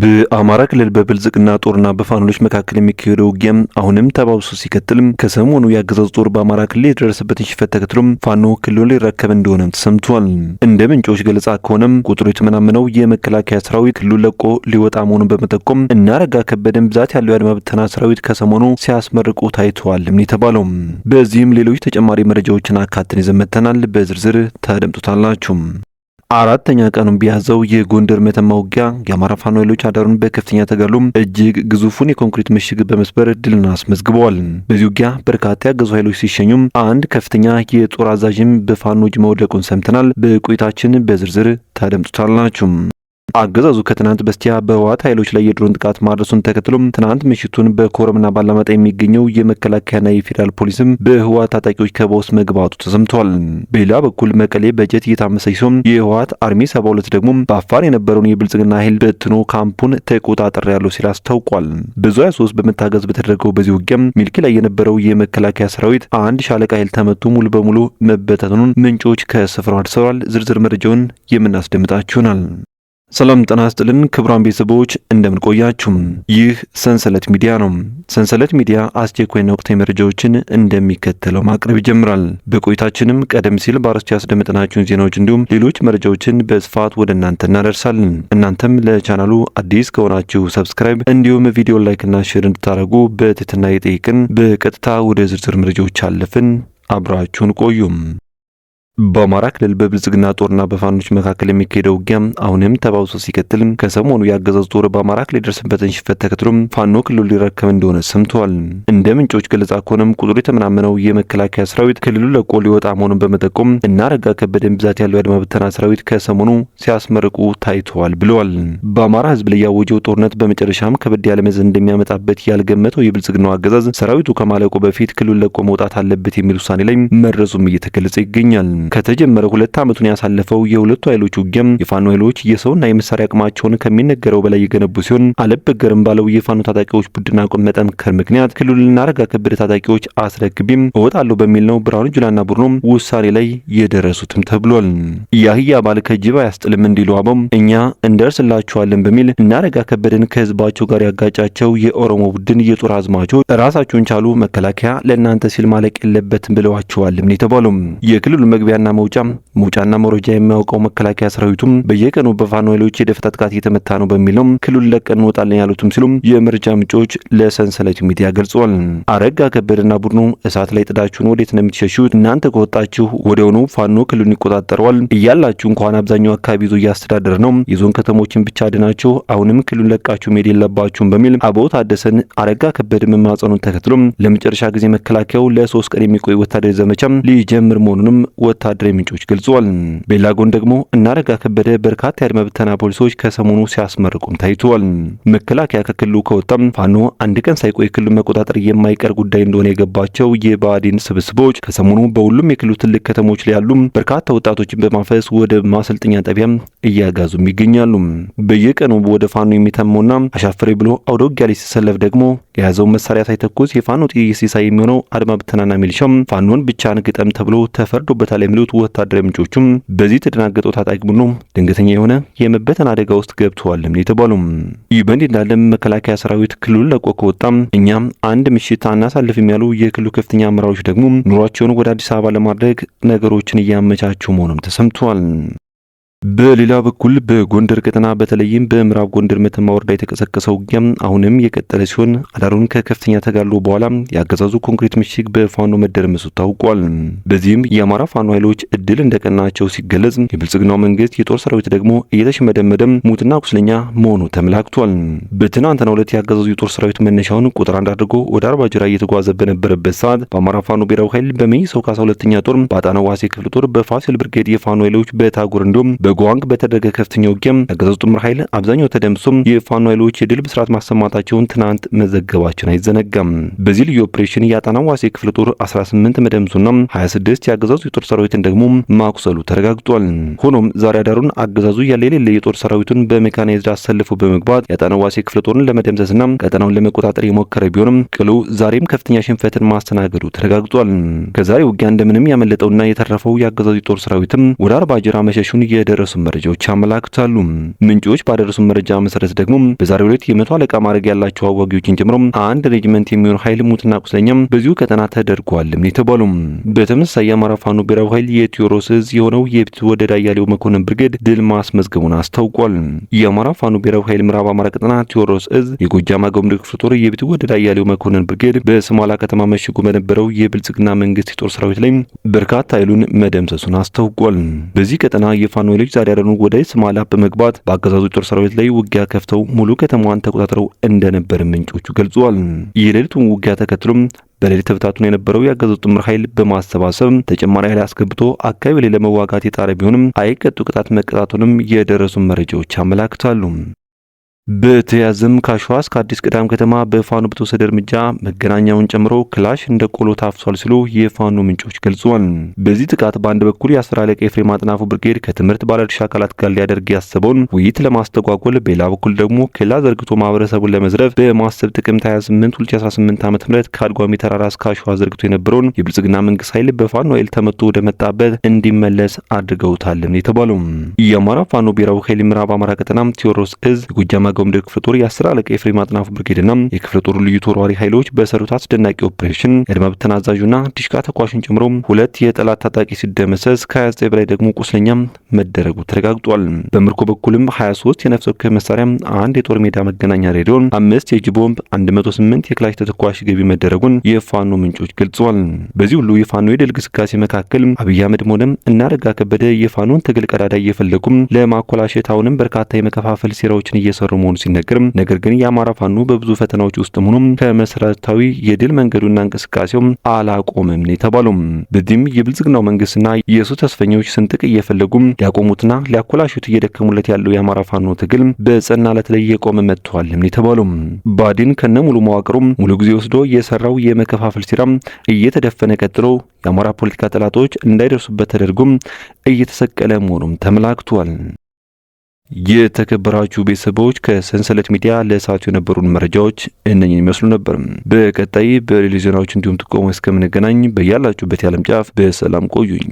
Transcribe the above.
በአማራ ክልል በብልጽግና ጦርና በፋኖች መካከል የሚካሄደው ውጊያ አሁንም ተባብሶ ሲቀጥልም ከሰሞኑ የአገዛዙ ጦር በአማራ ክልል የደረሰበትን ሽፈት ተከትሎም ፋኖ ክልሉ ሊረከብ እንደሆነም ተሰምቷል። እንደ ምንጮች ገለጻ ከሆነም ቁጥሩ የተመናመነው የመከላከያ ሰራዊት ክልሉ ለቆ ሊወጣ መሆኑን በመጠቆም እናረጋ ከበደን ብዛት ያለው የአድማ ብተና ሰራዊት ከሰሞኑ ሲያስመርቁ ታይተዋልም የተባለው። በዚህም ሌሎች ተጨማሪ መረጃዎችን አካትን ይዘመተናል በዝርዝር ተደምጡታላችሁ። አራተኛ ቀኑን ቢያዘው የጎንደር መተማ ውጊያ የአማራ ፋኖ ኃይሎች አዳሩን በከፍተኛ ተጋድሎ እጅግ ግዙፉን የኮንክሪት ምሽግ በመስበር ድልን አስመዝግበዋል። በዚህ ውጊያ በርካታ ያገዙ ኃይሎች ሲሸኙም አንድ ከፍተኛ የጦር አዛዥም በፋኖ እጅ መውደቁን ሰምተናል። በቆይታችን በዝርዝር ታደምጡታላችሁ። አገዛዙ ከትናንት በስቲያ በህወሓት ኃይሎች ላይ የድሮን ጥቃት ማድረሱን ተከትሎም ትናንት ምሽቱን በኮረምና ባላማጣ የሚገኘው የመከላከያና የፌዴራል ፖሊስም በህወሓት ታጣቂዎች ከበባ ውስጥ መግባቱ ተሰምቷል። በሌላ በኩል መቀሌ በጀት እየታመሰች ሲሆን የህወሓት አርሚ ሰባ ሁለት ደግሞ በአፋር የነበረውን የብልጽግና ኃይል በትኖ ካምፑን ተቆጣጠር ያለው ሲል አስታውቋል። ብዙ 23 በመታገዝ በተደረገው በዚህ ውጊያም ሚልኪ ላይ የነበረው የመከላከያ ሰራዊት አንድ ሻለቃ ኃይል ተመቶ ሙሉ በሙሉ መበታተኑን ምንጮች ከስፍራው አድርሰዋል። ዝርዝር መረጃውን የምናስደምጣችሁናል። ሰላም ጤና ይስጥልን ክቡራን ቤተሰቦች እንደምንቆያችሁ፣ ይህ ሰንሰለት ሚዲያ ነው። ሰንሰለት ሚዲያ አስቸኳይና ወቅታዊ መረጃዎችን እንደሚከተለው ማቅረብ ይጀምራል። በቆይታችንም ቀደም ሲል በአርዕስቱ ያስደመጥናችሁን ዜናዎች እንዲሁም ሌሎች መረጃዎችን በስፋት ወደ እናንተ እናደርሳለን። እናንተም ለቻናሉ አዲስ ከሆናችሁ ሰብስክራይብ፣ እንዲሁም ቪዲዮ ላይክና ሼር እንድታደርጉ በትህትና የጠይቅን። በቀጥታ ወደ ዝርዝር መረጃዎች አለፍን። አብራችሁን ቆዩም በአማራ ክልል በብልጽግና ጦርና በፋኖች መካከል የሚካሄደው ውጊያ አሁንም ተባብሶ ሲቀጥል ከሰሞኑ የአገዛዙ ጦር በአማራ ክልል የደረሰበትን ሽፈት ተከትሎ ፋኖ ክልሉ ሊረከብ እንደሆነ ሰምተዋል። እንደ ምንጮች ገለጻ ከሆነም ቁጥሩ የተመናመነው የመከላከያ ሰራዊት ክልሉ ለቆ ሊወጣ መሆኑን በመጠቆም እና ረጋ ከበደን ብዛት ያለው የአድማ ብተና ሰራዊት ከሰሞኑ ሲያስመርቁ ታይተዋል ብለዋል። በአማራ ህዝብ ላይ ያወጀው ጦርነት በመጨረሻም ከበድ ያለ መዘዝ እንደሚያመጣበት ያልገመተው የብልጽግናው አገዛዝ ሰራዊቱ ከማለቁ በፊት ክልሉ ለቆ መውጣት አለበት የሚል ውሳኔ ላይ መድረሱም እየተገለጸ ይገኛል። ከተጀመረ ሁለት ዓመቱን ያሳለፈው የሁለቱ ኃይሎች ውጊያም የፋኖ ኃይሎች የሰውና የመሳሪያ አቅማቸውን ከሚነገረው በላይ የገነቡ ሲሆን አለበገርም ባለው የፋኖ ታጣቂዎች ቡድን አቅም መጠንከር ምክንያት ክልሉንና አረጋ ከበደ ታጣቂዎች አስረክቢም እወጣለሁ በሚል ነው ብርሃኑ ጁላና ቡድኖም ውሳኔ ላይ የደረሱትም ተብሏል። የአህያ ባል ከጅብ አያስጥልም እንዲሉ አበም እኛ እንደርስላችኋለን በሚል እናረጋ ከበድን ከበደን ከህዝባቸው ጋር ያጋጫቸው የኦሮሞ ቡድን የጦር አዝማቾች ራሳቸውን ቻሉ፣ መከላከያ ለእናንተ ሲል ማለቅ የለበትም ብለዋቸዋልም የተባሉም የክልሉ መግቢያ መግቢያና መውጫ መውጫና መሮጃ የሚያውቀው መከላከያ ሰራዊቱም በየቀኑ በፋኖ ኃይሎች የደፈጣ ጥቃት እየተመታ ነው በሚል ነው ክልሉን ለቀን እንወጣለን ያሉትም ሲሉም የመረጃ ምንጮች ለሰንሰለት ሚዲያ ገልጿል። አረጋ ከበደና ቡድኑ እሳት ላይ ጥዳችሁን ወዴት ነው የምትሸሹት? እናንተ ከወጣችሁ ወዲያውኑ ፋኖ ክልሉን ይቆጣጠረዋል እያላችሁ እንኳን አብዛኛው አካባቢ ይዞ እያስተዳደረ ነው። የዞን ከተሞችን ብቻ አድናችሁ አሁንም ክልሉን ለቃችሁ መሄድ የለባችሁም በሚል አበው ታደሰን አረጋ ከበደ መማጸኑን ተከትሎም ለመጨረሻ ጊዜ መከላከያው ለሶስት ቀን የሚቆይ ወታደር ዘመቻም ሊጀምር መሆኑንም ወታደራዊ ምንጮች ገልጿል። በሌላ ጎን ደግሞ እናረጋ ከበደ በርካታ የአድማ ብተና ፖሊሶች ከሰሞኑ ሲያስመርቁም ታይተዋል። መከላከያ ከክልሉ ከወጣም ፋኖ አንድ ቀን ሳይቆይ ክልሉ መቆጣጠር የማይቀር ጉዳይ እንደሆነ የገባቸው የባዲን ስብስቦች ከሰሞኑ በሁሉም የክልሉ ትልቅ ከተሞች ላይ ያሉ በርካታ ወጣቶችን በማፈስ ወደ ማሰልጠኛ ጣቢያም እያጋዙም ይገኛሉ። በየቀኑ ወደ ፋኖ የሚተመውና አሻፈሬ ብሎ አውደ ውጊያ ላይ ሲሰለፍ ደግሞ የያዘውን መሳሪያ ሳይተኩስ የፋኖ ጥይት ሲሳይ የሚሆነው አድማ ብተናና ሚሊሻም ፋኖን ብቻ ንግጠም ተብሎ ተፈርዶበታል የሚሉት ወታደራዊ ምንጮቹም በዚህ የተደናገጠው ታጣቂ ቡድኑ ድንገተኛ የሆነ የመበተን አደጋ ውስጥ ገብተዋልም ነው ይህ በእንዲህ እንዳለም መከላከያ ሰራዊት ክልሉ ለቆ ከወጣም እኛም አንድ ምሽት አናሳልፍም ያሉ የክልሉ ከፍተኛ አመራሮች ደግሞ ኑሯቸውን ወደ አዲስ አበባ ለማድረግ ነገሮችን እያመቻቹ መሆኑም ተሰምተዋል። በሌላ በኩል በጎንደር ቀጠና በተለይም በምዕራብ ጎንደር መተማ ወረዳ የተቀሰቀሰው ውጊያ አሁንም የቀጠለ ሲሆን አዳሩን ከከፍተኛ ተጋድሎ በኋላ የአገዛዙ ኮንክሪት ምሽግ በፋኖ መደረመሱ ታውቋል። በዚህም የአማራ ፋኖ ኃይሎች እድል እንደቀናቸው ሲገለጽ፣ የብልጽግናው መንግስት የጦር ሰራዊት ደግሞ እየተሽመደመደም ሙትና ቁስለኛ መሆኑ ተመላክቷል። በትናንትናው ዕለት የአገዛዙ የጦር ሰራዊት መነሻውን ቁጥር አንድ አድርጎ ወደ አርባ ጅራ እየተጓዘ በነበረበት ሰዓት በአማራ ፋኖ ብሔራዊ ኃይል ሰው ካሳ ሁለተኛ ጦር በአጣነ ዋሴ ክፍለ ጦር በፋሲል ብርጌድ የፋኖ ኃይሎች በታጉር እንዲሁም በጓንግ በተደረገ ከፍተኛ ውጊያም ያገዛዙ ጥምር ኃይል አብዛኛው ተደምሶም የፋኖ ኃይሎች የድል ብስራት ማሰማታቸውን ትናንት መዘገባችን አይዘነጋም። በዚህ ልዩ ኦፕሬሽን የአጣና ዋሴ ክፍለ ጦር 18 መደምሱና 26 የአገዛዙ የጦር ሰራዊትን ደግሞ ማቁሰሉ ተረጋግጧል። ሆኖም ዛሬ አዳሩን አገዛዙ ያለ የሌለ የጦር ሰራዊቱን በሜካናይዝድ አሰልፎ በመግባት የአጣና ዋሴ ክፍለ ጦርን ለመደምሰስና ቀጠናውን ለመቆጣጠር የሞከረ ቢሆንም ቅሉ ዛሬም ከፍተኛ ሽንፈትን ማስተናገዱ ተረጋግጧል። ከዛሬ ውጊያ እንደምንም ያመለጠውና የተረፈው የአገዛዙ የጦር ሰራዊትም ወደ አርባ መሸሹን የደረ የደረሱ መረጃዎች ያመላክታሉ። ምንጮች ባደረሱ መረጃ መሰረት ደግሞ በዛሬው ዕለት የመቶ አለቃ ማዕረግ ያላቸው አዋጊዎችን ጨምሮ አንድ ሬጅመንት የሚሆን ኃይል ሙትና ቁስለኛም በዚሁ ቀጠና ተደርጓልም የተባሉ። በተመሳሳይ የአማራ ፋኖ ብሔራዊ ኃይል የቴዎድሮስ እዝ የሆነው የብትወደድ አያሌው መኮንን ብርጌድ ድል ማስመዝገቡን አስታውቋል። የአማራ ፋኖ ብሔራዊ ኃይል ምዕራብ አማራ ቀጠና ቴዎድሮስ እዝ የጎጃም አገው ምድር ክፍለ ጦር የብትወደድ አያሌው መኮንን ብርጌድ በሰማላ ከተማ መሽጉ በነበረው የብልጽግና መንግስት የጦር ሰራዊት ላይ በርካታ ኃይሉን መደምሰሱን አስታውቋል። በዚህ ቀጠና የፋኖ ኃይሎች ኃይሎች ዛሬ አረኑ ወደ ስማላ በመግባት በአገዛዙ ጦር ሰራዊት ላይ ውጊያ ከፍተው ሙሉ ከተማዋን ተቆጣጥረው እንደነበር ምንጮቹ ገልጸዋል። የሌሊቱን ውጊያ ተከትሎም በሌሊት ተበታትኖ የነበረው የአገዛዙ ጥምር ኃይል በማሰባሰብ ተጨማሪ ኃይል አስገብቶ አካባቢ ላይ ለመዋጋት የጣረ ቢሆንም አይቀጡ ቅጣት መቀጣቱንም የደረሱ መረጃዎች አመላክታሉ። በተያዘም ካሸዋ እስከ አዲስ ቅዳም ከተማ በፋኖ በተወሰደ እርምጃ መገናኛውን ጨምሮ ክላሽ እንደ ቆሎ ታፍሷል ሲሉ የፋኖ ምንጮች ገልጿል። በዚህ ጥቃት በአንድ በኩል የአስር አለቃ ኤፍሬም አጥናፉ ብርጌድ ከትምህርት ባለድርሻ አካላት ጋር ሊያደርግ ያሰበውን ውይይት ለማስተጓጎል፣ በሌላ በኩል ደግሞ ኬላ ዘርግቶ ማህበረሰቡን ለመዝረፍ በማሰብ ጥቅምት 28 2018 ዓ ም ከአድጓሚ ተራራ እስከ አሸዋ ዘርግቶ የነበረውን የብልጽግና መንግስት ኃይል በፋኖ ኃይል ተመቶ ወደ መጣበት እንዲመለስ አድርገውታል የተባለው የአማራ ፋኖ ብሔራዊ ኃይል ምዕራብ አማራ ቀጠና ቴዎድሮስ እዝ የጎጃም የኮምደር ክፍለ ጦር የአስር አለቃ ኤፍሬም አጥናፉ ብርጌድና የክፍለ ጦሩ ልዩ ተወርዋሪ ኃይሎች በሰሩት አስደናቂ ኦፕሬሽን የአድማ ብተና አዛዡና ዲሽቃ ተኳሽን ጨምሮ ሁለት የጠላት ታጣቂ ሲደመሰስ ከ29 በላይ ደግሞ ቁስለኛ መደረጉ ተረጋግጧል። በምርኮ በኩልም 23 የነፍስ ወከፍ መሳሪያ፣ አንድ የጦር ሜዳ መገናኛ ሬዲዮን፣ አምስት የእጅ ቦምብ፣ 108 የክላሽ ተተኳሽ ገቢ መደረጉን የፋኖ ምንጮች ገልጸዋል። በዚህ ሁሉ የፋኖ የድል ግስጋሴ መካከል አብይ አህመድ መሆንም እናረጋ ከበደ የፋኖን ትግል ቀዳዳ እየፈለጉም ለማኮላሸት አሁንም በርካታ የመከፋፈል ሴራዎችን እየሰሩ መሆኑ መሆኑ ሲነገርም ነገር ግን የአማራ ፋኖ በብዙ ፈተናዎች ውስጥ መሆኑም ከመሰረታዊ የድል መንገዱና እንቅስቃሴውም አላቆምም ነው የተባለው። በዚህም የብልጽግናው መንግስትና የእሱ ተስፈኞች ስንጥቅ እየፈለጉም ሊያቆሙትና ሊያኮላሹት እየደከሙለት ያለው የአማራ ፋኖ ትግል በጸና ላይ እየቆመ መጥቷል ነው የተባለው። ባዲን ከነ ሙሉ መዋቅሩም ሙሉ ጊዜ ወስዶ የሰራው የመከፋፈል ሲራም እየተደፈነ ቀጥሎ የአማራ ፖለቲካ ጠላቶች እንዳይደርሱበት ተደርጎም እየተሰቀለ መሆኑም ተመላክቷል። የተከበራችሁ ቤተሰቦች ከሰንሰለት ሚዲያ ለሰዓቱ የነበሩን መረጃዎች እነኝን ይመስሉ ነበር። በቀጣይ በሌሎች ዜናዎች እንዲሁም ጥቆማ እስከምንገናኝ በያላችሁበት የዓለም ጫፍ በሰላም ቆዩኝ።